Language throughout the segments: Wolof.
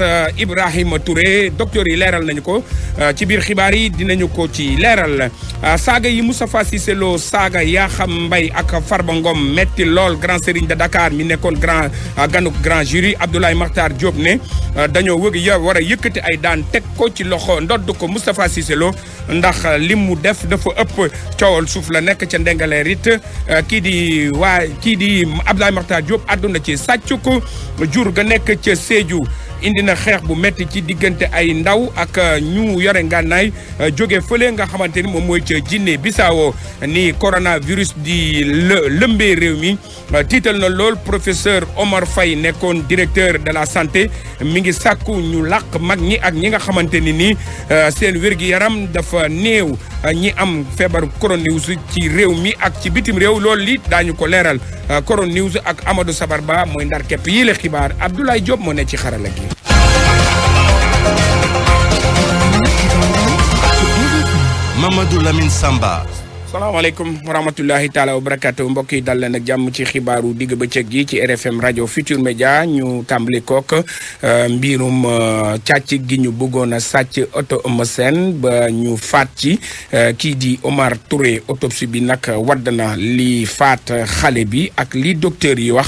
Maître euh, Ibrahima Touré docteur yi leeral nañu ko euh, ci biir xibaar yi dinañu ko ci leeral euh, saaga yi Moustapha Cissé Lo saaga Yakham mbay ak Farba Ngom metti lool grand serigne de Dakar mi nekkoon grand ganuk grand jury Abdoulaye Makhtar Diop ne dañoo wëgg ya war ay daan teg ko ci loxo ndodd ko Moustapha Cissé ndax li mu def dafa ëpp coowal suuf la nekk ca ndengaleer it kii di waa kii di Abdoulaye Makhtar Diop àdduna ci sàcc ko jur ga nekk ca Sédhiou indi na xeex bu metti ci diggante ay ndaw ak euh, ñu yore ngànnaay euh, jóge fële nga xamante ni moom mooy ca Guinée Bissau ni coronavirus di lëmbee réew mi euh, tiital na lool professeur Omar fay nekkoon directeur de la santé mi ngi sàkku ñu làq mag ñi ak ñi nga xamante ni nii seen wér-gi-yaram dafa néew ñi am feebar coronavirus ci réew mi ak ci bitim réew loolu li daañu ko leeral coronavirus ak Amadou Sabar Ba mooy ndar képp yi la xibaar Abdoulaye Diop moo n ci xarala Mamadou Lamine Samba. salaamaaleykum wa rahmatullahi taala wa barakaatu mbokk yi dal na ak jàmm ci xibaaru digg bëccëg gi ci RFM rajo Futur Media ñu tàmbali kook euh, mbirum euh, càcc gi ñu bëggoon a sàcc oto Eumeu Sène ba ñu faat ci euh, kii di Omar Touré autopsie bi nag wadd na li faat xale bi ak li docteur yi wax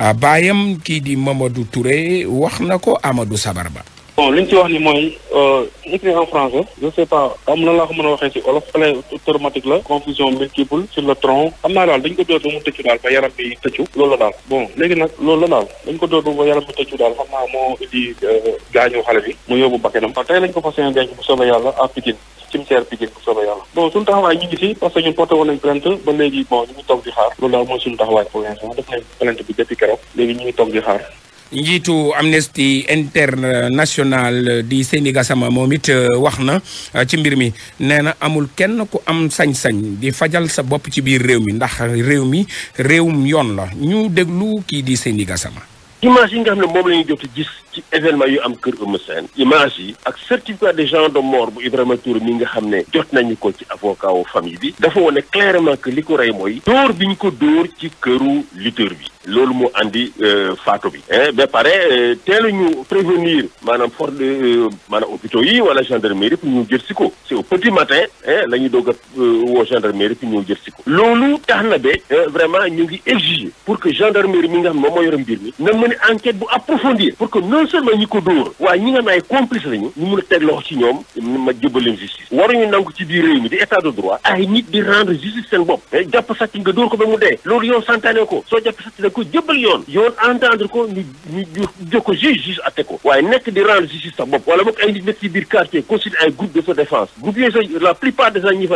ah, baayam kii di Mamadou Touré wax na ko amadu Sabar ba bon li ñu ci wax ni mooy euh, écrit en français je sais pas am na laa ko mën a waxee ci olof xale traumatique la confusion multiple sur le tronc xam naa daal dañ ko dóor ba mu tëccu daal ba yaram bi tëccu loolu la daal bon léegi nag loolu la daal dañ ko dóor ba yaram bi tëccu daal xam naa moo indi euh, gaañu xale bi mu yóbbu bakkanam waaw tey lañ ko fas yéene bu soobee yàlla à Pikine cimetière Pikine bu soobee yàlla bon suñu taxawaay ngi si parce que ñun porté woon ba léegi njiitu Amnesty International di Seyni Gassama moom it euh, wax na euh, ci mbir mi nee na amul kenn ku am sañ-sañ di fajal sa bopp ci biir réew mi ndax réew mi réewum yoon la ñu déglu kii di Seyni gasama image yi nga xam ne moom la jot a gis. ci événement yu am kër Eumeu image yi ak certificat de genre de mort bu Ibrahima Touré mi nga xam ne jot nañu ko ci avocat wu famille bi dafa wone clairement que li ko rey mooy dóor bi ñu ko dóor ci këru lutteur bi loolu moo andi euh, faatu bi eh, ba pare euh, teeluñu prévenir maanaam for euh, maanaam hôpitaux yi wala gendarmerie pour ñu jël si ko si au petit matin eh, la ñu doog a woo gendarmerie pour ñu jël si ko loolu tax na ba vraiment ñu ngi exiger pour que gendarmerie mi nga xam ne moo yore mbir mi non seulement ñi ko dóor waaye ñi nga naay complice lañu ñu mun a teg loxo ci ñoom ma jëbal leen justice waruñu nangu ci biir réew di état de droit ay nit di rendre justice seen bopp jàpp sàcc nga dóor ko ba mu dee loolu yoon santaane ko soo jàpp sàcc na ko jëbal yoon yoon entendre ko ñu ñu jox ko juge juge ko waaye nekk di rendre justice sa bopp wala boog ay nit nekk ci biir quartier constitue ay groupe de défense groupe yooyu sax la plupart des gens ñi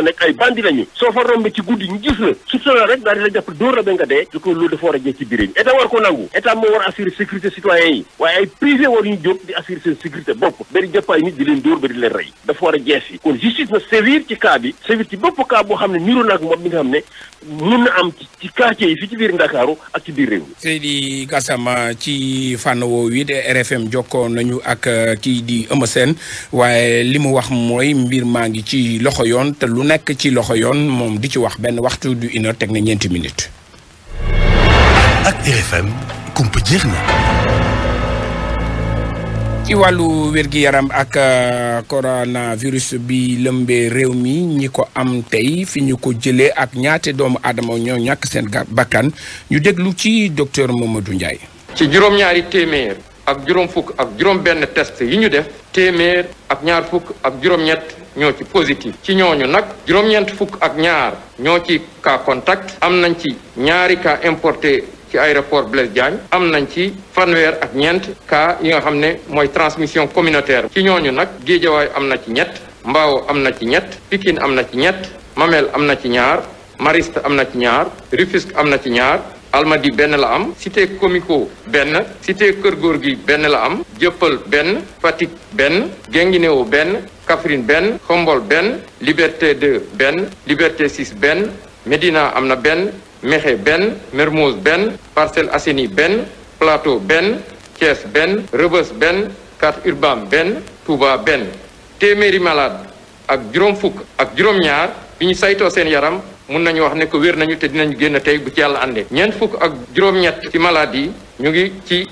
fa prisé war ñu jóg di assurer seen sécurité bopp ba di nit di leen dóor ba leen rey dafa war a jees yi kon justice na sévère ci cas bi sévère ci bopp cas boo xam ne niru na ak moom bi ne mun na am ci quartier yi fi ci Ndakaaru ak ci biir réew mi ci fànn woowu it RFM nañu ak uh, kii di Eumeu Sène waaye li mu wax mooy mbir maa ngi ci loxo yoon te lu nekk ci loxo yoon moom di ci wax benn waxtu du une heure teg na ñeenti minutes. ak RFM kumpa jeex na. ci wàllu wér yaram ak euh, coronavirus bi lëmbe réew mi ñi ko am tey fi ñu ko jëlee ak ñaate doomu aadama ñoo ñàkk seen bakkan ñu déglu ci docteur Mamadou Ndiaye. ci juróom-ñaari téeméer ak juróom fukk ak juróom-benn test ñu def téeméer ak ñaar ak juróom-ñett ñoo ci positif ci ñooñu nag juróom-ñeent fukk ak ñaar ñoo ci cas contact am nañ ci ñaari cas importe ci aéroport Blaise Diagne am nañ ci fanweer ak ñeent cas yi nga xam ne mooy transmission communautaire ci ñooñu nag Géejawaay am na ci ñett Mbao am na ci ñett Pikine am na ci ñett Mamel am na ci ñaar Mariste am na ci ñaar Rufisque am na ci ñaar Almadi benn la am site Comico benn site Kër góor gi benn la am Jëppal benn Fatick benn Guinguinéo benn Kaffrine benn Xombol benn Liberté 2 benn Liberté 6 benn Médina am na benn Mékhé benn Mermoz benn Parcelles Assainies benn Plateau benn Thiès benn Rebeuss benn Scat Urbam benn Touba benn téeméeri malade ak juróom fukk ak juróom-ñaar bi ñu saytoo seen yaram mun nañu wax ne ko wér nañu te dinañ génn tey bu ci yàlla àndee ñeent fukk ak juróom-ñett ci malade yi ñu ngi ci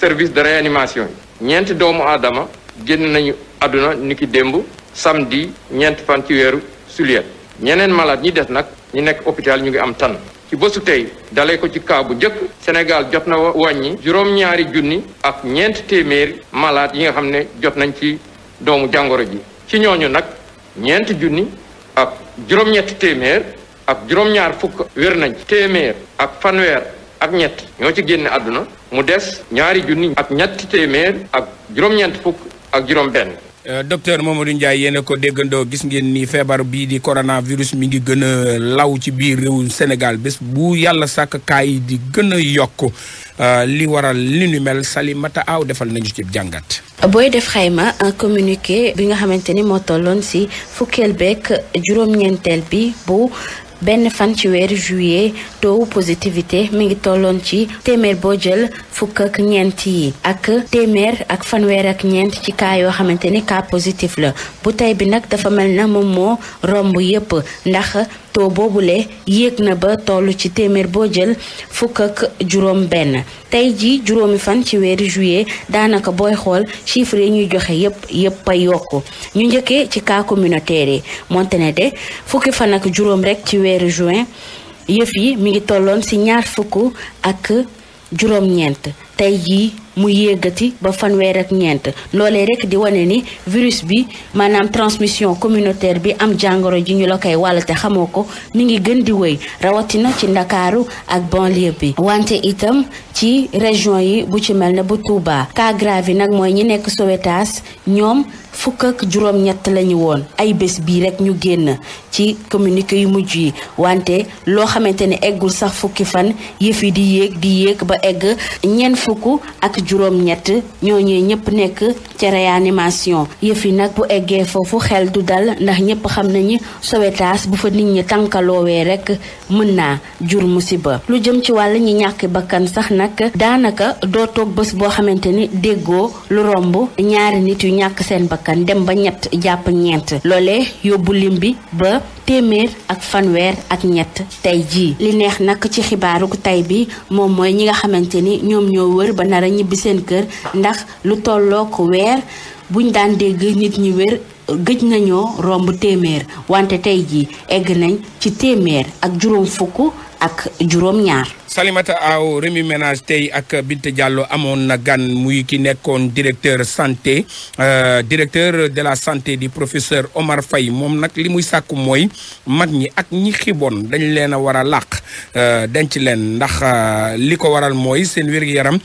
service de réanimation yi ñeent doomu aadama génn nañu àdduna ni ki démb samedi ñeent fan ci weeru suliet ñeneen malade ñi des nag ñi nekk hôpital ñu ngi am tan ci bësu tey dalee ko ci kaa bu njëkk Sénégal jot na wàññi juróom-ñaari junni ak ñeent téeméer malaat yi nga xam ne jot nañ ci doomu jàngoro ji ci ñooñu nag ñeent junni ak juróom-ñetti téeméer ak juróom-ñaar fukk wér nañ téeméer ak fanweer ak ñett ñoo ci génne àdduna mu des ñaari junni ak ñetti téeméer ak juróom-ñeent fukk ak juróom benn moom euh, Mamadou Ndiaye yéen a ko déggandoo gis ngeen ni feebar bii di coronavirus mi ngi gën a law ci biir réew Sénégal bés bu yàlla sàkk kaay di gën a yokk euh, li waral li nu mel Salimata Aw defal nañu ci jàngat. booy def xayma un communiqué bi nga xamante ni moo tolloon si fukkeel beeg juróom-ñeenteel bi bu. benn fan ci weeru juillet taux positivité mi ngi tolloon ci téeméer boo jël fukk ak ñeent yi ak téeméer ak fanweer ak ñeent ci cas yoo xamante ni cas positif la bu tey bi nag dafa mel na moom moo romb yépp ndax taux boobule yéeg na ba toll ci téeméer boo jël fukk ak juróom benn tey jii juróomi fan ci weeru juillet daanaka booy xool chiffres yi ñuy joxe yépp yépp a yokk ñu njëkkee ci kaa communautaire yi moonte ne de fukki fan ak juróom rekk ci weeru juin yëf yi mi ngi tolloon ci ñaar fukk ak juróom-ñeent tey jii mu yéegati ba fanweer ak ñeent loole rek di wane ni virus bi maanaam transmission communautaire bi am jàngoro ji ñu la koy wàll te xamoo ko mu ngi gën di woy rawatina ci ndakaaru ak banlieue bi wante itam ci région yi bu ci mel ne bu Touba cas grave nag mooy ñi nekk Sowétas ñoom fukk ak juróom-ñett lañu woon ay bés bii rekk ñu génn ci communiqué yu mujj yi wante loo xamante ne eggul sax fukki fan yëf di yéeg di yéeg ba egg ñeent fukk ak juróom-ñett ñooñee ñëpp nekk ca réanimation yëf yi nag bu eggee foofu xel du dal ndax ñëpp xam nañu Sowetaas bu fa nit ñi tànkaloowee rek mën naa jur musiba lu jëm ci wàll ñi ñàkk bakkan sax nag daanaka doo toog bés boo xamante ni déggoo lu romb ñaari nit yu ñàkk seen bakkan bakkan dem ba ñett jàpp ñeent loolee yóbbu lim bi ba téeméer ak fanweer ak ñett tey jii li neex nag ci xibaaru tey bi moom mooy ñi nga xamante ni ñoom ñoo wër ba nar a ñibbi seen kër ndax lu tollook weer buñ daan dégg nit ñi wér gëj nañoo romb téeméer wante tey jii egg nañ ci téeméer ak juróom fukk ak juróom ñaar. Salimata Aw remi Ménage tey ak Binta Diallo amoon na gan muy ki nekkoon directeur santé euh, directeur de la santé du professeur Omar Faye moom nag li muy sàkku mooy mag ñi ak ñi xiboon dañ leen a war a làq euh, denc leen ndax euh, li ko waral mooy seen wér-gu-yaram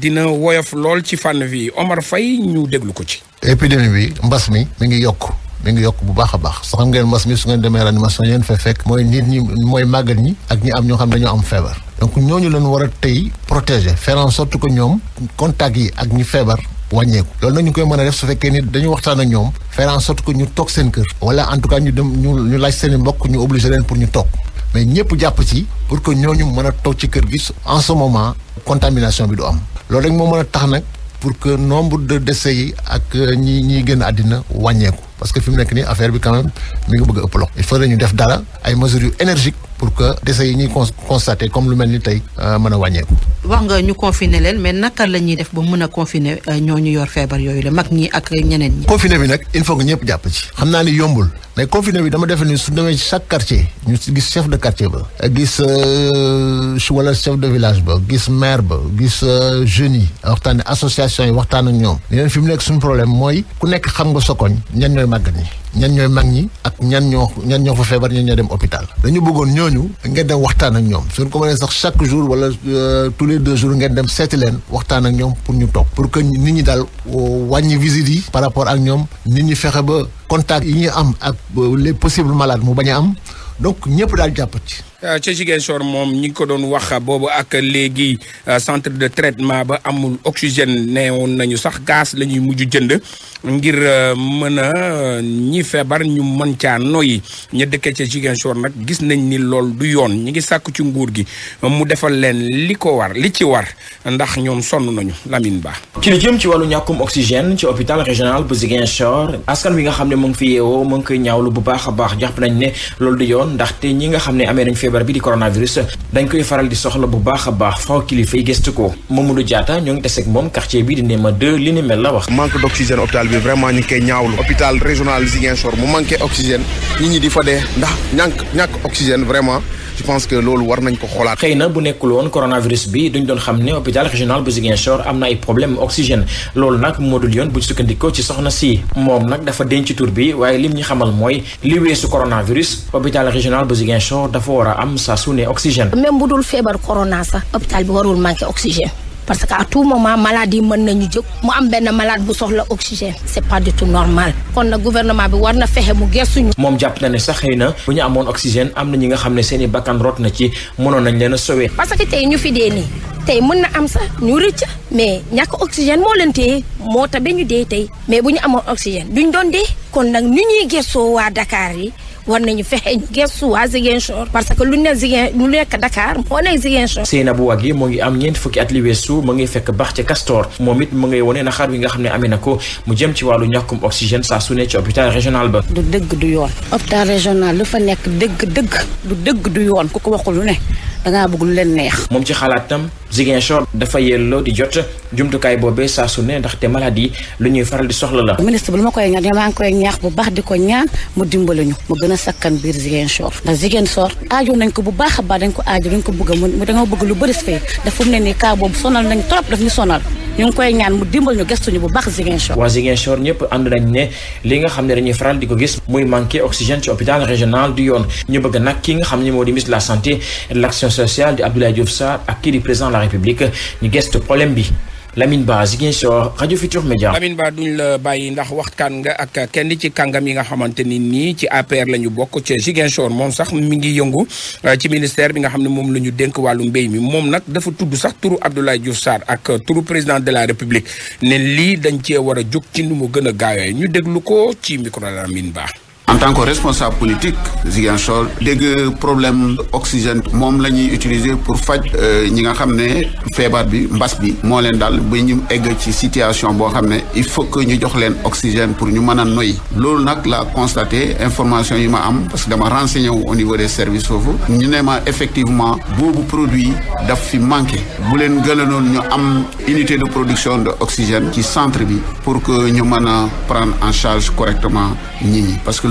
dina woyof lool ci fànn bi Omar Faye ñu déglu ko ci. épidémie bi mbas mi mi ngi yokk. mi ngi yokk bu baax a baax so xam ngeen mas mi su ngeen demee réanimation yéen fa fekk mooy nit ñi mooy màggat ñi ak ñi am ñoo xam dañoo am feebar donc ñooñu leen war a tey protégé faire en sorte que ñoom contact yi ak ñi feebar wàññeeku loolu nag ñu koy mën a def su fekkee ni dañu waxtaan ak ñoom faire en ko ñu toog seen kër wala en tout cas ñu dem ñu laaj seen i mbokk ñu obligé leen pour ñu toog mais ñëpp jàpp ci pour que ñu mën a toog ci kër gi en ce moment bi du am loolu rek moo mën a tax nag pour que nombre de décès yi ak euh, ñi ñiy génn àddina wàññeeku parce que fi mu nekk nii affaire bi quand même mi ngi bëgg a ëpp loxo il faudrait ñu def dara ay mesures yu énergiques pour que décès yi ñuy constaté comme lu mel ni tey euh, mën a wàññeeku. wax nga ñu confiner leen mais naka la ñuy def ba mën a confiner euh, ñooñu yor feebar yooyu la mag ñi ak ñeneen ñi. confiner bi nag il faut que ñëpp jàpp ci. xam naa ni yombul mais confiner bi dama defe ni su demee chaque quartier ñu gis chef de quartier ba. gis euh, wala chef de village ba gis maire ba gis jeunes yi waxtaan association yi waxtaan ak ñoom. fi mu nekk suñu problème mooy ku nekk xam nga sa ñooy màggat ñi ñan ñooy mag ñi ak ñan ñoo ñan ñoo fa feebar ñan ñoo dem hôpital dañu bëggoon ñooñu ngeen dem waxtaan ak ñoom suñ ko mënee sax chaque jour wala euh, tous les deux jours ngeen dem seeti waxtaan ak ñoom pour ñu toog pour que nit ñi daal euh, wàññi visite yi par rapport ak ñoom nit ñi fexe ba contact yi ñu am ak euh, les possibles malades mu bañ am donc ñëpp daal jàpp ci Euh, ca Ziguinchor moom ñi ngi ko doon wax boobu ak léegi euh, centre de traitement ba amul oxygène woon nañu sax gaz la ñuy mujj jënd ngir euh, mën a ñi feebar ñu mën caa noyyi ña dëkkee ca Ziguinchor nag gis nañ ni lool du yoon ñi ngi sàkku ci nguur gi mu defal leen li ko war li ci war ndax ñoom sonn nañu Lamine Ba. ci lu jëm ci wàllu ñàkkum oxygène ci hôpital régional bu Ziguinchor askan wi nga xam ne mu ngi fi yeewoo mu ngi ñaawlu bu baax baax jàpp nañ ne loolu feebar bi di coronavirus dañ koy faral di soxla bu baax a baax faw kilifa yi gëstu ko Mamadou Diatta ñoo ngi taseeg moom quartier bi di Néma 2 li ni mel la wax manque d'oxygène hôpital bi vraiment ñu ngi koy ñaawlu hôpital régional Ziguinchor mu manqué oxygène nit ñi di fa dee ndax ñàkk ñàkk oxygène vraiment je pense que loolu war nañ ko xoolaat. xëy na bu nekkul woon coronavirus bi duñ doon xam ne hôpital régional bu Ziguinchor am na ay problème oxygène loolu nag moo dul yoon bu sukkandikoo ci soxna si moom nag dafa denc tur bi waaye lim ñu xamal mooy li weesu coronavirus hôpital régional bu Ziguinchor dafa war a am sa su ne oxygène. même bu dul feebar corona sax hôpital bi warul manqué oxygène. parce que à tout moment maladie mën nañu jóg mu am benn malade bu soxla oxygène c' est pas du tout normal kon na gouvernement bi war na fexe mu gëstuñu. moom jàpp na ne sax xëy na bu ñu amoon oxygène am na ñi nga xam ne seen i bakkan na ci mënoon nañ leen a sauver. parce que tey ñu fi dee nii tey mën na am sax ñu rëcc mais ñàkk oxygène moo leen téye moo tax ba ñu dee tey mais bu ñu amoon oxygène duñ doon dee kon nag ñu ñuy gëstoo waa dakaar yi. war nañu fexe ñu gëstu waa Ziguinchor parce que lu ne Ziguin lu nekk Dakar moo ne Ziguinchor Seynabou Wagué mu ngi am ñeent fukki at li weesu ngi fekk baax ci Castor moom it mu ngay wone a xar mi nga xam ne amee na ko mu jëm ci wàllu ñàkkum oxygène saa su ne ci hôpital régional ba du dëgg du yoon hôpital régional lu fa nekk dëgg dëgg du dëgg du yoon ku ko waxul ne dangaa bëgg lu leen neex. moom ci xalaatam Ziguinchor dafa yelloo di jot jumtukaay boobee saa su ne ndaxte maladie lu ñuy faral di soxla la. ministre bi lu ma koy ñaan maa ngi koy ñaax bu baax di ko ñaan mu dimbali ñu mu gën a sakkan biir Ziguinchor ndax Ziguinchor aajo nañ ko bu baax a baax dañ ko aajo dañ ko bëgg mu dañoo bëgg lu bëri si fii dafa mu ne nii sonal nañ trop daf ñu sonal. ñu ngi koy ñaan mu dimbal ñu gestuñu bu baax Ziguinchor waa Ziguinchor ñëpp ànd nañ ne li nga xam ne dañuy faral di ko gis muy manqué oxygène ci hôpital régional du yoon ñu bëgg nag ki nga xam ni moo di la santé et de l'action sociale di Abdoulaye Diouf Sarr ak kii di président de la République ñu gestu problème bi Lamine Ba Ziguinchor rajo Futur Média. Lamine Ba duñ la bàyyi ndax waxtaan nga ak kenn ci kàngam yi nga xamante ni nii ci APR la ñu bokk ci Ziguinchor moom sax mi ngi yëngu euh, ci ministère bi nga xam ne moom la ñu dénk wàllu mbéy mi moom nag dafa tudd sax turu Abdoulaye Diouf Sarr ak turu président de la République ne lii dañ cee war a jóg ci nu mu gën a gaawee ñu déglu ko ci micro Lamine Ba. en tant que responsable politique Ziguinchor dégg problème oxygène moom la ñuy utiliser pour faj euh, ñi nga xam ne feebar bi mbas bi moo leen daal ba ñu egg ci situation boo xam ne il faut que ñu jox leen oxygène pour ñu mën a noyyi loolu nag la constaté information yi ma am parce que dama renseigné wu au niveau des services foofu ñu ne ma effectivement boobu produit daf fi manqué bu leen gënaloon ñu am unité de production de oxygène ci centre bi pour que ñu mën a prendre en charge correctement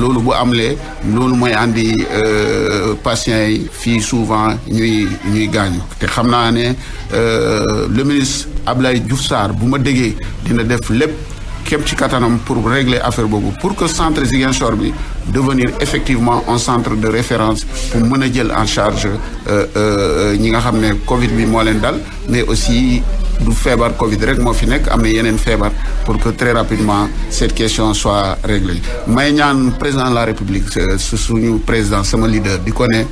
loolu am amlee loolu mooy andi euh, patients yi fii souvent ñuy ñuy gaañu te xam naa ne euh, le ministre Abdoulaye Diouf Sarr bu ma déggee dina def lépp képp ci kattanam pour régler affaire boobu pour que centre Ziguinchor bi devenir effectivement un centre de référence pour mën a jël en charge euh, ñi nga xam ne Covid bi moo leen dal mais aussi du feebar Covid rek moo fi nekk am na yeneen feebar pour que très rapidement cette question soit réglée may ñaan président de la République euh, su suñu président sama leader di ko ne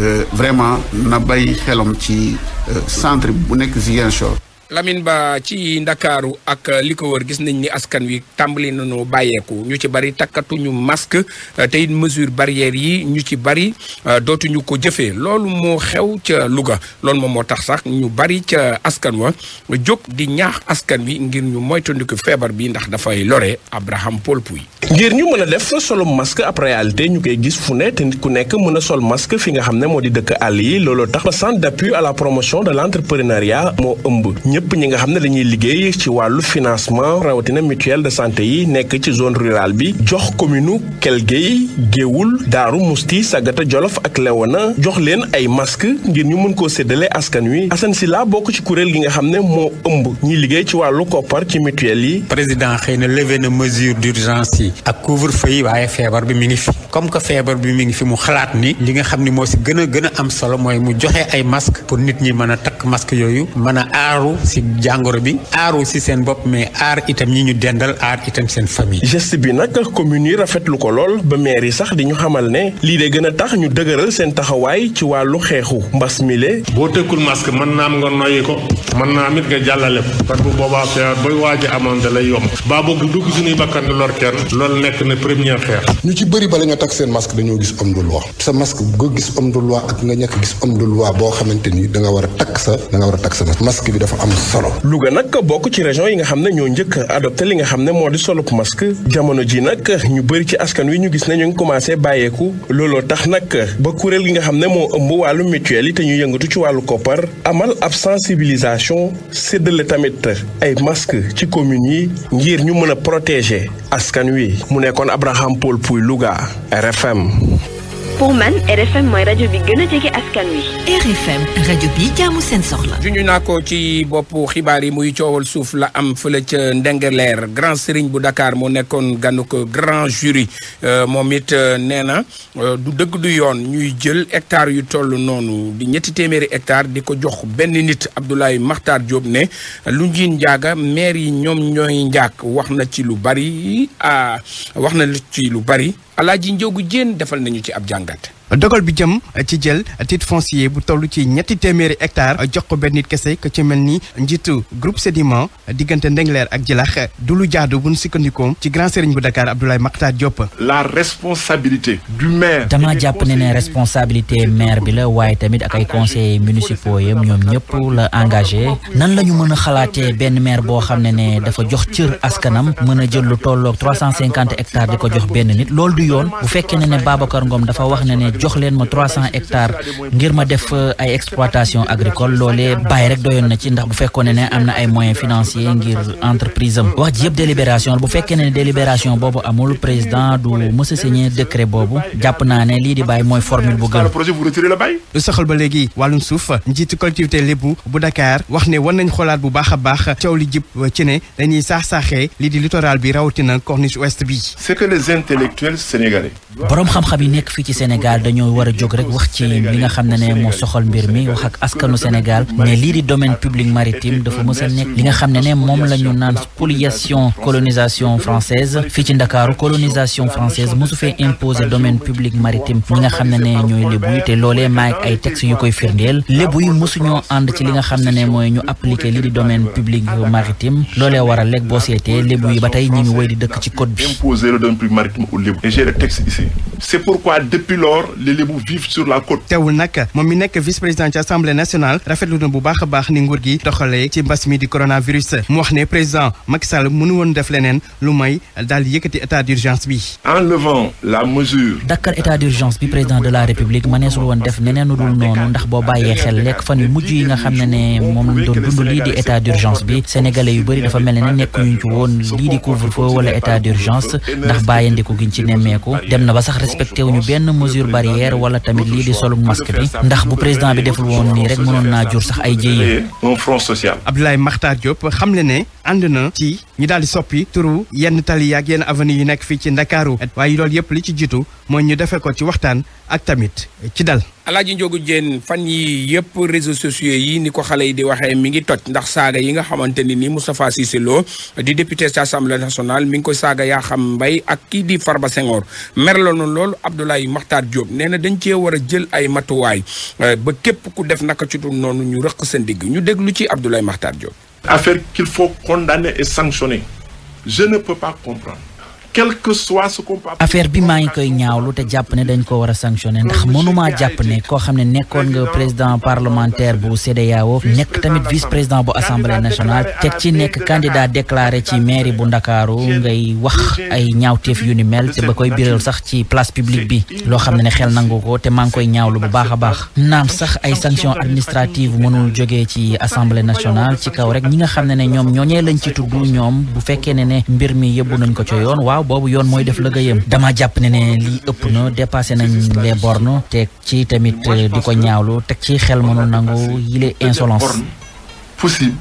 euh, vraiment na bay xelam ci euh, centre bu nekk Ziguinchor. Lamine Ba ci Ndakaaru ak li ko war gis nañ ni askan wi tàmbali nañoo bàyyeeku ñu ci bari takkatuñu masque tey it mesure barrière yi ñu ci bari euh, dootuñu ko jëfee loolu moo xew ca Louga loolu moom moo tax sax ñu bari ca askan wa jóg di ñaax askan wi ngir ñu moytandiku feebar bi ndax dafay lore Abraham Paul Pouy ngir ñu mën a def solum masque ab réalité ñu koy gis fu ne te ku nekk mën a sol masque fi nga xam ne moo di dëkk àll yi looloo tax ba centre d'appui à la promotion de l'entrepreneuriat moo ëmb ñëpp ñi nga xam ne dañuy liggéey ci wàllu financement rawatina mutuelle de santé yi nekk ci zone rural bi jox commune Kelgey Géewul Daaru Musti Sagata Jolof ak Léona jox leen ay masque ngir ñu mën koo séddale askan wi Assane Sylla bokk ci kuréel gi nga xam ne moo ëmb ñi liggéey ci wàllu koppar ci mutuelle yi. président xëy na levé na mesure d'urgence yi ak couvre-feu waaye feebar bi mi ngi fi comme que feebar bi mi ngi fi mu xalaat ni li nga xam ni moo si gën a gën a am solo mooy mu joxe ay masque pour nit ñi mën a takk masque yooyu si jàngoro bi aaru si seen bopp mais aar itam ñi ñu dendal aar itam seen famille. gest bi nag commune yi rafetlu ko lool ba maire yi sax di ñu xamal ne lii de gën a tax ñu dëgëral seen taxawaay ci wàllu xeexu mbas mi boo tëkkul masque mën naa am nga noyyi ko mën naa am it nga jàllale ko parce boobaa feebar booy waaj a amoon da lay yomb baa boog du dugg suñuy bakkan di lor kenn nekk na première xeex. ñu ci bëri bala nga takk seen masque dañoo gis homme de loi sa masque nga gis homme de ni da nga war a takk sa da nga war a takk sa masque bi am solo Louga nag bokk ci région yi nga xam ne ñoo njëkk adopté li nga xam ne moo di solub masque jamono ji nag ñu bëri ci askan wi ñu gis ne ñu ngi commencé bàyyeeku looloo tax nag ba kuréel gi nga xam ne moo ëmb wàllu mutuelle yi te ñu yëngatu ci wàllu koppar amal ab sensibilisation séddale tamit ay masque ci commune yi ngir ñu mën a protéger askan wi mu nekkoon Abraham Paul Pouy Louga RFM pour man RFM mooy rajo bi gën jege askan wi. RFM rajo bi jaamu seen soxla. juñu naa ko ci boppu xibaar yi muy coowal suuf la am fële ca Ndengeleer grand sëriñ bu Dakar moo nekkoon ganuk grand jury euh, moom it euh, nee na euh, du dëgg du yoon ñuy jël hectare yu toll noonu di ñetti téeméeri hectare di ko jox benn nit Abdoulaye Makhtar Diop ne lu njiin njaaga maire yi ñoom ñooy njaag wax na ci lu bari ah wax na ci lu bari. Alaaji njoogu Jéen defal nañu ci ab jàngat dogal bi jëm ci jël titre foncier bu toll ci ñetti téeméeri hectare jox ko benn nit kese ku ci mel ni njiitu groupe Sédiment diggante Ndengler ak Jilax du lu jaadu bu nu sukkandikoom ci grand sëriñ bu Dakar Abdoulaye Makhtar Diop. la responsabilité du maire. dama jàpp ne ne responsabilité maire bi la waaye tamit ak ay conseillers municipaux yam ñoom ñëpp la engagé nan la ñu mën a xalaatee benn maire boo xam ne ne dafa jox cër askanam mën a jël lu tolloog trois cent cinquante hectares di ko jox benn nit jox leen ma 300 hectares ngir ma def euh, ay exploitation agricole loolee bàyyi rek doyoon na ci ndax bu fekkoon ne am na ay moyens financiers ngir entreprise am wax ji yëpp délibération bu fekkee ne délibération boobu amul président du mës a signé décret boobu jàpp naa ne lii di bàyyi mooy formule bu gën. lu soxal ba léegi wàllum suuf njiitu collectivité lébu bu Dakar wax ne war nañ xoolaat bu baax a baax coow li jib ci ne dañuy saax saaxee lii di littoral bi rawatina corniche bi. c'est que les intellectuels dañoo war a jóg rek wax ci li nga xam ne ne moo soxal mbir mi wax ak askanu Sénégal ne lii di domaine public maritime dafa mës a xam ne ne moom la ñu naan spoliation colonisation française fii ci Ndakaaru colonisation française mosu fee imposer domaine public maritime ñi nga xam ne ne ñooy lébu yi te loolee maay ay texte yu koy firndeel lébu yi mosuñoo ànd ci li nga xam ne ne mooy ñu appliquer lii di domaine public maritime loolee war a lekk boo seetee lébu yi ba tey ñu ngi wéy di dëkk ci code bi. imposer le domaine les lébu vivent teewul nag moom mi nekk vice président ci assemblée nationale rafetlu na bu baax baax ni nguur gi doxalee ci mbas mi di coronavirus mu wax ne président Macky Sall mënu woon def leneen lu may daal di yëkkati état d'urgence bi en levant la bi président de la république mëneesul woon def neneen lu dul noonu ndax boo bàyyee xel lekk fan yu mujj yi nga xam ne ne moom lañ doon dund lii di état d'urgence bi sénégalais yu bëri dafa mel ne nekkuñu ci woon lii di couvre-feu wala état sax barrière wala tamit lii di solum masque bi ndax bu président bi deful woon nii rek mënoon naa jur sax ay jéyee un front social Abdoulaye Makhtar Diop xam le ne ànd na ci ñi daal di soppi turu yenn tali yaak yenn aveni yu nekk fii ci Ndakaaru waaye loolu yëpp li ci jiitu mooy ñu defee ko ci waxtaan ak tamit ci dal alaaji njogu jéen fan yi yëpp réseaux sociaux yi ni ko xale yi di waxee mi ngi toj ndax saaga yi nga xamante ni ni Moustapha Cissé Lo di député ci assemblée nationale mi ngi koy saaga yaa xam mbay ak kii di Farba Senghor mer la noonu loolu Abdoulaye Makhtar Diop nee na dañ cee war a jël ay matuwaay euh, ba képp ku def naka ci dul noonu ñu rëq seen digg ñu déglu ci Abdoulaye Makhtar Diop affaire qu'il faut condamner et sanctionner je ne peux pas comprendre quel que affaire bi maa ngi koy ñaawlu te jàpp ne dañ ko war a sanctionné ndax mënumaa jàpp ne koo xam ne nekkoon nga président parlementaire bu CEDEAO nekk tamit vice président bu assemblée nationale teg ci nekk candidat déclaré ci mairie bu ndakaaru ngay wax ay ñaawteef yu ni mel te ba koy biral sax ci place publique bi loo xam ne ne xel nangu ko te maa ngi koy ñaawlu bu baax a baax naam sax ay sanction administrative mënul jógee ci assemblée nationale ci kaw rek ñi nga xam ne ne ñoom ñooñee lañ ci tudd ñoom bu fekkee ne ne mbir mi yëbbu nañ ko ca yoon boobu yoon mooy def liggéeyam dama jàpp ne ne lii ëpp na dépassé nañ les bornes teg ci tamit euh, di ko ñaawlu teg ci xel mënul nangu yile insolence possible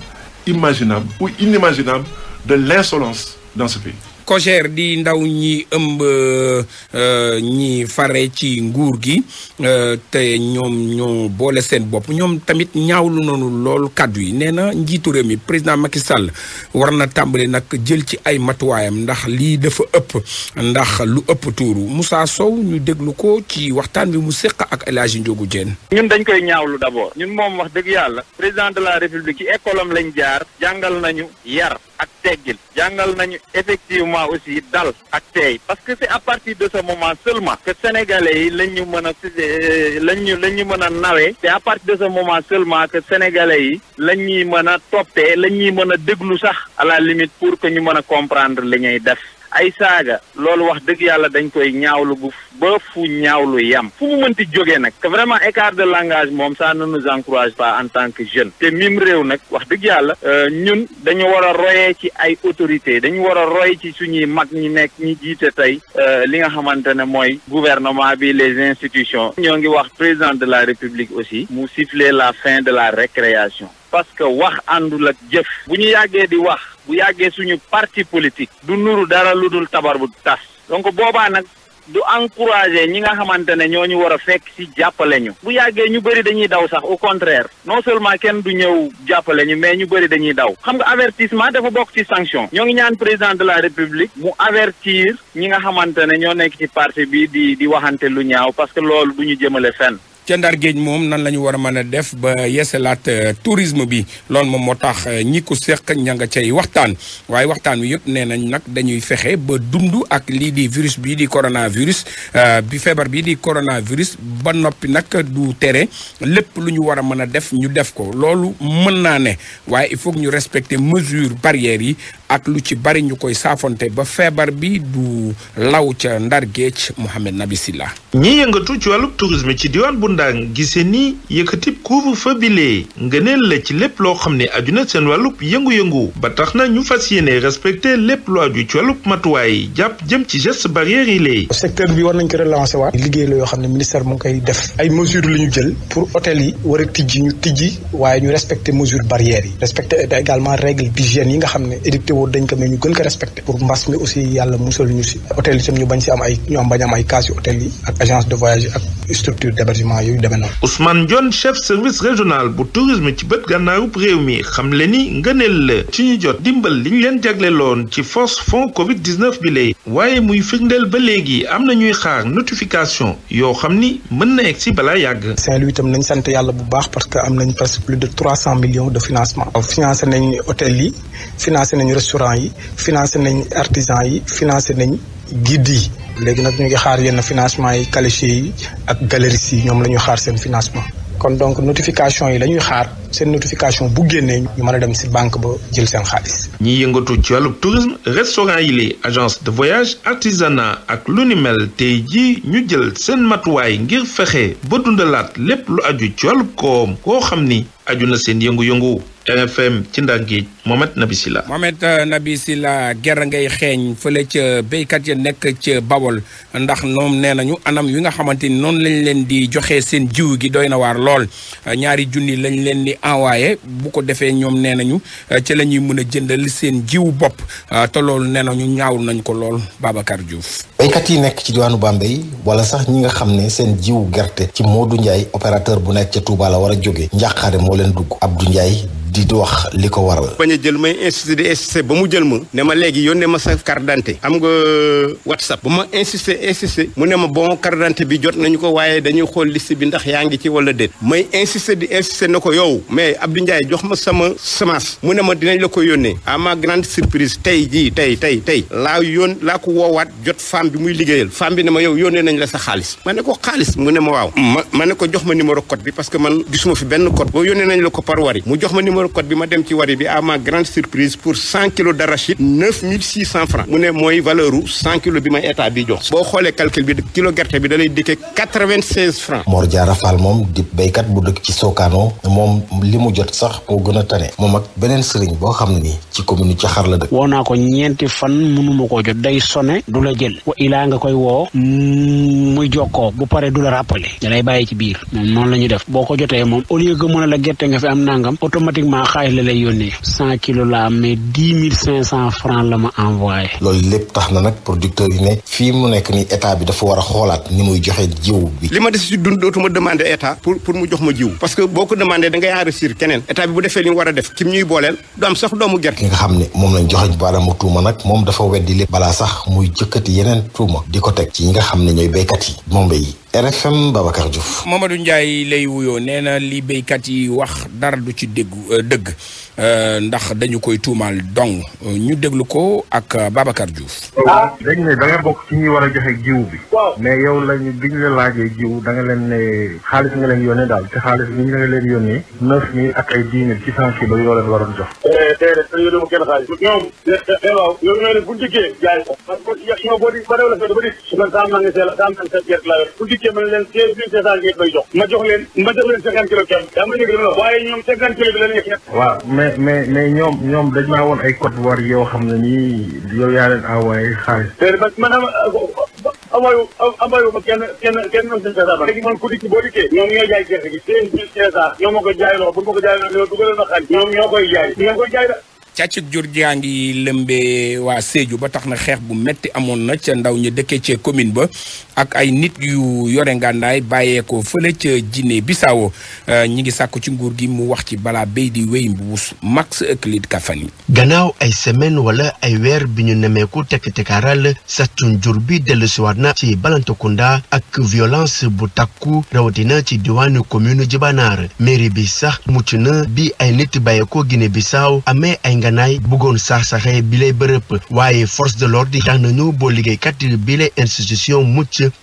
imaginable ou inimaginable de l'insolence dans ce pays COJER di ndaw ñi ëmb euh, euh, ñi fare ci nguur gi euh, te ñoom ñoo boole seen bopp ñoom tamit ñaawlu noonu lool kàddu yi nee na njiitu réew mi président Macky Sall war na tàmbali nag jël ci ay matuwaayam ndax lii dafa ëpp ndax lu ëpp tuuru Moussa Sow ñu déglu ko ci waxtaan bi mu séq ak El Hadji Ndiogou ñun dañ koy ñaawlu d'abord ñun moom wax dëgg yàlla président de la république ci école am lañ jaar jàngal nañu yar ak teggil jàngal nañu effectivement aussi dal ak teey parce que c'est à partir de ce moment seulement que sénégalais yi lañ ñu mën a euh, lañ ñu lañ ñu mën a nawee c'est à partir de ce moment seulement que sénégalais yi lañ ñuy mën a toppee lañ ñuy mën a déglu sax à la limite pour que ñu mën a comprendre li ñuy def ay saaga loolu wax dëgg yàlla dañ koy ñaawlu bu ba fu ñaawlu yam fu mu mënti jógee nag que vraiment écart de langage moom ça ne nous encourage pas en tant que jeune te mim réew nag wax dëgg yàlla euh, ñun dañu war a royee ci ay autorités dañu war a roy ci suñuy mag ñi nekk ñi jiite tey euh, li nga xamante ne mooy gouvernement bi les institutions ñoo ngi wax président de la république aussi mu siffler la fin de la récréation parce que wax àndul ak jëf bu ñu yàggee di wax bu yàggee suñu parti politique du nuru dara lu dul tabar bu tas donc boobaa nag du encourager ñi nga xamante ne ñoo ñu war a fekk ci jàppale ñu. bu yàggee ñu bëri dañuy daw sax au contraire non seulement kenn du ñëw jàppale ñu mais ñu bëri dañuy daw. xam nga avertissement dafa bokk ci sanction. ñoo ngi ñaan président de la république. mu avertir ñi nga xamante ne ñoo nekk ci parti bi di di waxante lu ñaaw parce ca Ndar géej moom nan la ñu war a mën a def ba yeesalaat euh, tourisme bi loolu moom moo tax euh, ñi ko seq ña nga cay waxtaan waaye waxtaan wi yëpp nee nañ nag dañuy fexe ba dund ak lii di virus bii di coronavirus euh, bi feebar bii di coronavirus ba noppi nag du tere lépp lu ñu war a mën a def ñu def ko loolu mën naa ne waaye il faut ñu respecter mesure barrière yi ak lu ci bari ñu koy saafonte ba feebar bi du law ca ndar géej Mouhamed Nabi Silla ñi yëngatu ci wàllub tourisme ci diwaan bu ndang gise ni yëkkatib couvre-feu bilee ngëneel la ci lépp loo xam ne aju na seen wàllu yëngu-yëngu ba tax na ñu fas yéene respecté lépp lu aju ci wàllub matuwaay jàpp jëm ci geste barrière yi lée secteur bi war nañ ko relancer waat liggéey la yoo xam ne ministère mu ngi koy def ay mesures la ñu jël pour hôtel yi war a tijji ñu tijji waaye ñu respecté mesure barrière yi respecté également règle yi nga xam ne wóor dañ ko mais ñu gën ko respecté pour mbas mi aussi yàlla musal ñu si hôtel yi tam ñu bañ si am ay ñu am bañ am ay cases yu hôtel yi ak agence de voyage ak structure d'hébergement yooyu demee noonu Ousmane Dione chef service régional bu tourisme ci bët gànnaaru réew mi xam le ni ngëneel la ci ñu jot dimbal li leen jagleloon ci force fonds covid 19 waaye muy firndeel ba léegi am na ñuy xaar notification yoo xam ni mën na egg si balaa yàgg Saint-Louis tam am nañ presque restaurant yi financé nañ artisan yi finance nañ guide yi léegi nag ñu ngi xaar yenn financement yi calechiers yi ak galeristes yi ñoom la ñu xaar seen financement kon donc notification yi la ñuy xaar seen notification bu génnee ñu mën a dem ci banque ba jël seen xaalis. ñi yëngatu ci wàllu tourisme restaurant yi les agence de voyage artisanat ak lu ni mel te ji ñu jël seen matuwaay ngir fexe ba dundalaat lépp lu aju ci wàllu koom koo xam ni aju na seen yëngu RFM ci Ndar Géej Mohamed Nabi Silla. Mohamed euh, Nabi Silla ger ngay xeeñ fële ca béykat ya nekk ca Bawol ndax noom nee nañu anam wi nga xamante ni noonu lañ leen di joxe seen jiw gi doy na waar lool euh, ñaari junni lañ leen di envoyé bu ko defee ñoom nee nañu euh, ci la ñuy mën a jëndal seen jiwu bopp te loolu nee nañu ñaaw nañ ko lool Babacar Diouf. béykat yi nekk ci diwaanu Bambey wala sax ñi nga xam ne seen jiw gerte ci Modou Ndiaye opérateur bu nekk ca Touba la a jóge njàqaare moo leen dugg Abdou Ndiaye di wax li ko waral. bañ a jël may insisté di insisté ba mu jël ma ne ma léegi yónnee ma sa carte d'identité am nga euh, whatsapp ba ma insisté insisté mu ne ma bon carte d'identité bi jot nañu ko waaye dañuy xool liste bi ndax yaa ngi ci wala déet may insisté di na ko yow mais Abdou Ndiaye jox ma sama semence mu ne ma dinañ la ko yónnee à ma grande surprise tey jii tey tey tey laa yoon laa ko woowaat jot femme bi muy liggéeyal femme bi ne ma yow yónnee nañ la sa xaalis ma ne ko xaalis mu ne ma waaw ma ma ne ko jox ma numéro code bi parce que man gisuma la ko numéro code bi ma dem ci wari bi à ma grande surprise pour cent kilos d'arachide mu ne mooy valeur u bi ma état bi jox boo xoolee calcul bi kilo gerte bi da lay francs Mor Diarra Fall moom di béykat bu dëkk ci Sokano moom li mu jot sax moo gën a tane moom ak beneen sëriñ boo xam ne nii ci commune Caxar la dëkk woo naa ko ñeenti fan mënuma koo jot day sone du la jël ilaa nga koy woo muy jokkoo bu pare du la rappeler da lay bàyyi ci biir moom noonu la de def boo ko jotee a pratiquement xaalis la lay yónnee cent kilos kilo am mais dix mille cinq cent franc la ma envoyé. loolu lépp tax na nag producteurs yi ne fii mu nekk ni état bi dafa war a xoolaat ni muy joxe jiw bi. li ma des si dund dootuma demandé état pour pour mu jox ma jiw parce que boo ko demandé da ngay enrichir keneen état bi bu defee li mu war a def kim ñuy booleel du am sax doomu gerte. ki nga xam ne moom lañ joxeñ baaraamu tuuma nag moom dafa weddi lépp balaa sax muy jëkkati yeneen tuuma di ko teg ci ñi nga xam ne ñooy béykat yi Bombay yi. RFM Babacar Diouf. Mamadou Ndiaye lay wuyoo nee na li béykat yi wax dara du ci déggu euh, dëgg. Euh, ndax dañu koy tuumaal dong euh, ñu déglu ko ak euh, Babacar Diouf. Ah, dañ ne da nga bokk ci ñi war a joxe jiw bi. mais yow lañu bi ñu la laajee jiw da nga leen ne xaalis nga leen yónnee daal te xaalis nga leen yónnee neuf mille ak ay dix ci cent kilos yoo leen waroon jox. déedéet dañoo dem kenn xaalis. ñoom. Eh, eh, eh, waaw yow bu dikkee ba réew la fee dafa di. su ma saa maa ngi seel saa maa ngi seel gerte laa yor. bu dikkee ma ne leen seize mille cinq cent ngeen may jox. ma jox leen ma kenn. daa ma dégg waaye ñoom cinquante kilos bi la ñu mais mais ñoom ñoom dañ maa woon ay Côte d'Ivoire yoo xam ne nii yow yaa leen envoyé xaalis. man man envoyé envoyé wu kenn kenn kenn ñoom seen seetaan ku dikk boo dikkee ñoom ñoo jaay gerte gi seen biir ñoom moo koy jaay loo bu ma ko jaay na xaalis ñoom ñoo koy jaay ñoo jur jaa ngi lëmbee waa seju ba tax na xeex bu metti amoon na ca ndaw ñu dëkkee ci commune ba ak ay nit yu yore ngàndaay bàyyeekoo fële ca Guinée Bissau euh, ñi ngi sàkku ci nguur gi mu wax ci balaa béy di wéy mbuus Max Euclide Kafani. gannaaw ay semaine wala ay weer bi ñu nemeeku tekk-tekkaaral sàccum jur bi dellu dellusiwaat na ci Balantakunda ak violence bu takku rawatina ci diwaanu commune Jibanaar mairie bi sax mucc na bi ay nit bàyyeekoo Guinée Bissau amee ay nganaay bëggoon sax-saxe bi lay bërëb waaye force de l'ordre yi tax nañu boo liggéeykat bi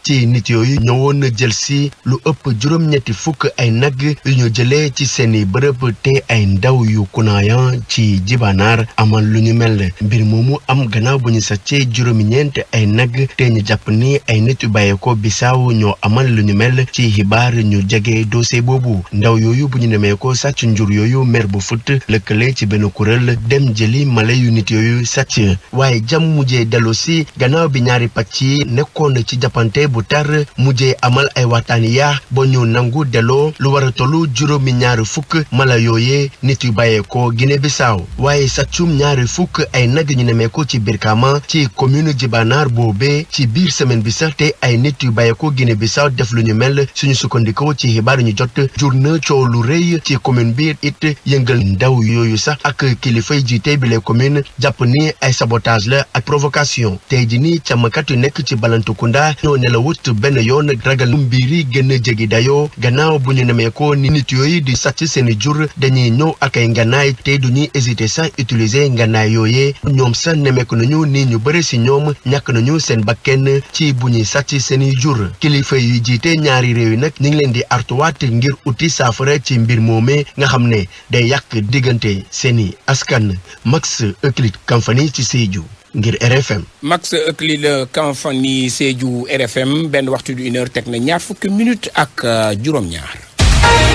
ci nit yooyu ñëwoon na jël si lu ëpp juróom-ñetti fukk ay nag yu ñu jëlee ci seeni bërëb te ay ndaw yu kunaayan ci jibanaar amal lu ñu mel mbir moomu am gannaaw bu ñu sàccee juróomi ñeent ay nag te ñu jàpp ni ay nit yu bàyyeekoo bisaaw ñoo amal lu ñu mel ci xibaar ñu jege dossier boobu ndaw yooyu bu ñu demee ko sàcc njur yooyu mer bu fut lëkkale ci benn kuréel dem jëli mala yu nit yooyu sàcc waaye jam mujjee dellu si gannaaw bi ñaari pàcc nekkoon ci te bu tar mujjee amal ay waxtaan yaa ba ñu nangu delloo lu war a tollu juróomi ñaari fukk mala yooye nit yu bàyyeekoo Guinée Bissau waaye sàccum ñaari fukk ay nag ñu nemeeko ci Birkama ci commune Djibanaar boobee ci biir semaine bi sax te ay nit yu bàyyeekoo Guinée Bissau def lu ñu mel suñu sukkandikoo ci xibaar ñu jot jur na coow lu rëy ci commune biir it yëngal ndaw yooyu sax ak kilifay jii bi les communes jàpp ni ay sabotage la ak provocation tey ji ni càmmkat yu nekk ci Balantukunda nelawut benn yoon ragal nu mbir yi gën a jegi dayoo gannaaw bu ñu nemeekoo ni nit yooyu di sàcc seeni jur dañuy ñëw ak ngannaay nganaay te duñuy hésiter sans utiliser ngannaay yooyee ñoom sax nemeeku nañu ni ñu bëri si ñoom ñàkk nañu seen bakken ci bu ñuy sàcc seeni jur kilifa yi jiite ñaari réew yi nag ñu ngi leen di artuwaat ngir uti saafara ci mbir moomee nga xam ne day yàq diggante seeni askan Max Euclid Kamfani ci Sédhiou ngir RFM. Max Euclide Kamfani Sédhiou RFM benn waxtu du une teg na ñaar fukki minutes ak euh, juróom-ñaar.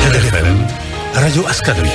RFM rajo askan wi.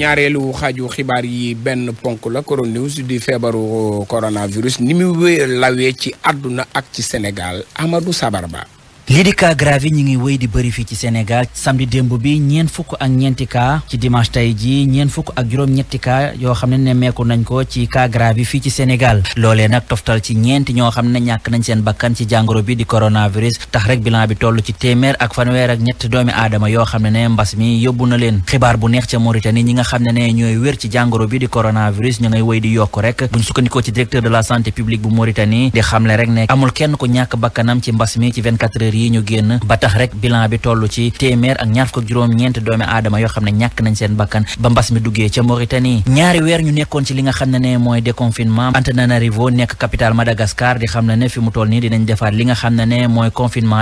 ñaareelu xaaju xibaar yi benn ponk la coronews di feebaru coronavirus ni mu lawee ci àdduna ak ci senegal Sénégal Amadou ba lii di cas grave yi ñu ngi wéy di bëri fii ci Sénégal samedi démb bi ñeen fukk ak ñeenti kaa ci dimanche tey jii ñeen fukk ak juróom-ñetti kaa yoo xam ne nemmeeku nañ ko ci cas grave fii ci Sénégal loolee nag toftal ci ñeenti ñoo xam ne ñàkk nañ seen bakkan ci jàngoro bi di coronavirus tax rek bilan bi toll ci téeméer ak fanweer ak ñett doomi aadama yoo xam ne ne mbas mi yóbbu na leen xibaar bu neex ca Mauritanie ñi nga xam ne ne ñooy wér ci jàngoro bi di coronavirus ñu ngay wéy di yokk rek buñ sukkandikoo ci directeur de la santé publique bu Mauritanie di xamle rek ne amul kenn ku ñàkk bakkanam ci mbas mi ci 24 heures yi ñu génn ba tax rek bilan bi toll ci téeméer ak ñaar fukk juróom-ñeent doomi aadama yoo xam ne ñàkk nañ seen bakkan ba mbas mi duggee ca Mauritanie ñaari weer ñu nekkoon ci li nga xam ne ne mooy déconfinement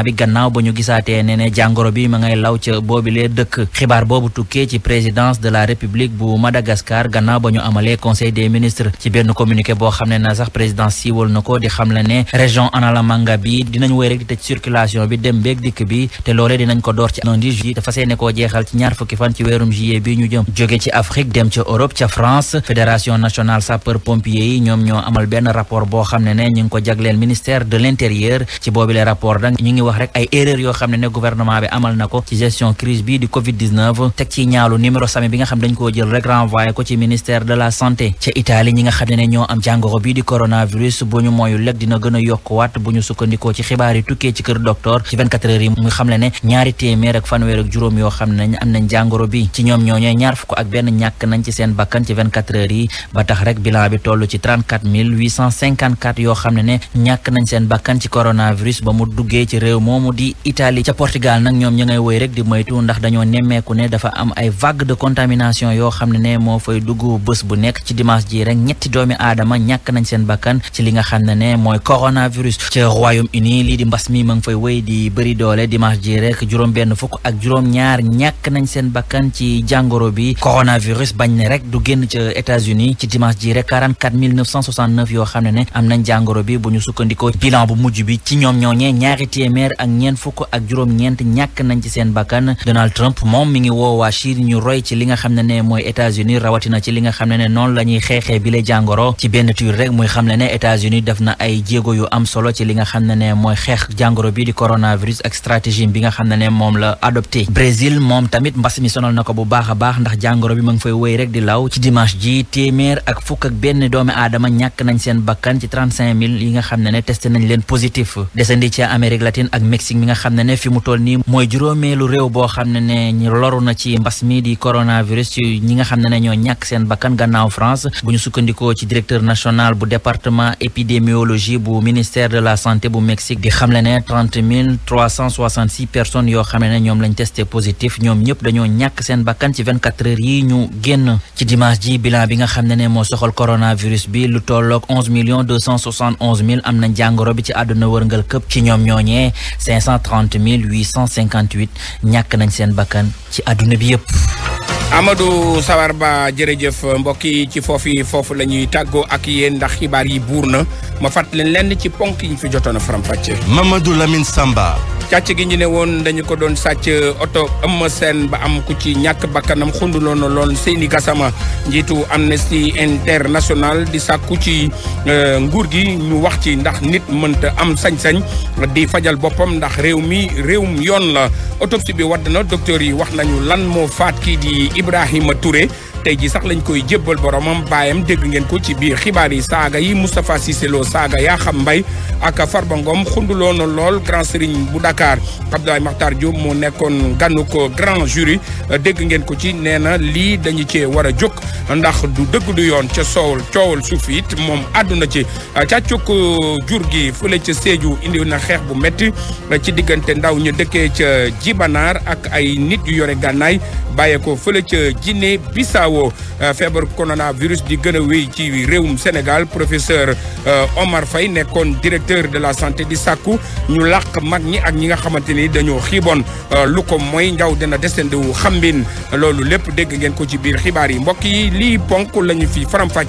bi gannaaw ba ñu gisaatee ne ne jàngoro bi ma ngay law ca boobilee dëkk xibaar boobu tukkee ci présidence de la république bu Madagascar gannaaw ba ñu amalee conseil des ministres ci benn communiqué boo xam ne na sax présidence siiwal na avion bi dem beeg dikk bi te loolee dinañ ko door ci lundi juillet dafa seene koo jeexal ci ñaar fukki fan ci weerum juillet bi ñu jëm jóge ci Afrique dem ca Europe ca France fédération nationale sapeur pompier yi ñoom ñoo amal benn rapport boo xam ne ne ñu ngi ko jagleel ministère de l'intérieur ci boobu rapport nag ñu ngi wax rek ay erreur yoo xam ne ne gouvernement bi amal na ko ci gestion crise bi di covid 19 teg ci ñaalu numéro sami bi nga xam ne a yokkuwaat bu ñu sukkandikoo ci xibaar Podor ci 24 heures yi muy xamle ne ñaari téeméer ak fanweer ak juróom yoo xam ne am nañ jàngoro bi ci ñoom ñooñee ñaar fukk ak benn ñàkk nañ ci seen bakkan ci yoo xam ne ne coronavirus ba mu duggee ci réew moomu di Italie ca Portugal nag ñoom ña ngay woy rek di moytu ndax dañoo nemmeeku ne dafa am ay vague de contamination yoo xam ne ne moo fay dugg bu nekk ci dimanche ji rek ñetti doomi aadama ñàkk nañ seen bakkan ci li nga xam ne ne mooy coronavirus di bëri doole dimanche ji rek juróom benn fukk ak juróom ñaar ñàkk nañ seen bakkan ci jàngoro bi coronavirus bañ ne rek du génn ca États-Unis ci dimanche ji rek 44 969 yoo xam ne ne am nañ jàngoro bi bu ñu sukkandikoo bilan bu mujj bi ci ñoom ñooñee ñaari téeméer ak ñeent fukk ak juróom-ñeent ñàkk nañ ci seen bakkan Donald Trump moom mi ngi woo waa ñu roy ci li nga xam ne ne mooy États-Unis rawatina ci li nga xam ne ne noonu la ñuy xeexee bi le jàngoro ci benn tur rek muy xam ne ne États-Unis def na ay jéego yu am solo ci li nga xam ne ne mooy xeex jàngoro bi di corona coronavirus ak stratégie bi nga xam ne ne moom la tamit mbas mi sonal na ko bu baax a baax ndax jàngoro bi ma ngi fay wéy rek di law ci dimanche ji téeméer ak fukk ak benn doomi aadama ñàkk nañ seen bakkan ci 35 yi nga xam ne ne testé nañ leen positif desandi ci Amérique latine ak Mexique mi nga xam ne ne fi mu toll nii mooy juróomeelu réew boo xam ne ne ñu loru na ci mbas mi di coronavirus ci ñi nga xam ne ne ñoo ñàkk seen bakkan gannaaw France bu ñu sukkandikoo ci directeur national bu département épidémiologie bu ministère de la santé bu Mexique di mille trois cent soixante six personnes yoo xamee ne ñoom lañ testé positif ñoom ñëpp dañoo ñàkk seen bakkan ci vingt quatre heures yi ñu génn ci dimanche ji bilan bi nga xam ne ne moo soxal coronavirus bi lu tolloog onze millions deux cent soixante onze mille am na jàngoro bi ci àdduna wërngal këpp ci ñoom ñooñee cinq cent trente mille huit cent cinquante huit ñàkk nañ seen bakkan ci àdduna bi yëpp. Amadou Sawar Ba jërëjëf mbokk yi ci foofu foofu la ñuy tàggoo ak yéen ndax xibaar yi buur na ma fàttali leen lenn ci ponk yi ñu fi jotoon a faram-fàcce. Mamadou Lamine Samba. càcc gi ñu ne woon dañu ko doon sàcc oto ëmm seen ba am ku ci ñàkk bakkanam xunduloon na lool Seyni Gassama njiitu Amnesty International di sàkku ci euh, nguur gi ñu wax ci ndax nit mënta am sañ-sañ di fajal boppam ndax réew mi réewum yoon la autopsie bi wadd na docteur yi wax nañu lan moo faat kii di. Ibrahima Touré tey ji sax lañ koy jébbal boromam baayam dégg ngeen ko ci biir xibaar yi saaga yi Moustapha Cissé saaga yaa xam mbay ak Farba Ngom xunduloo na lool grand serigne bu Dakar Abdoulaye Makhtar Diop moo nekkoon ganu ko grand juri dégg ngeen ko ci nee na lii dañu cee war a jóg ndax du dëgg du yoon ca soowul coowul suuf it moom àdduna ci càccuk jur gi fële ca Sédhiou indi na xeex bu métti ci diggante ndaw ñu dëkkee ca Jibanaar ak ay nit yu yore gànnaay bàyyee ko ca Guinée CEDEAO euh, feebar coronavirus di gën a wéy ci réewum Sénégal professeur euh, Omar Faye nekkoon directeur de la santé di sàkku ñu làq mag ñi ak ñi nga xamante ni dañoo xiiboon euh, lu ko mooy njaw dana desendewu xambin loolu lépp dégg ngeen ko ci biir xibaar yi mbokk yi lii ponk lañu fi faram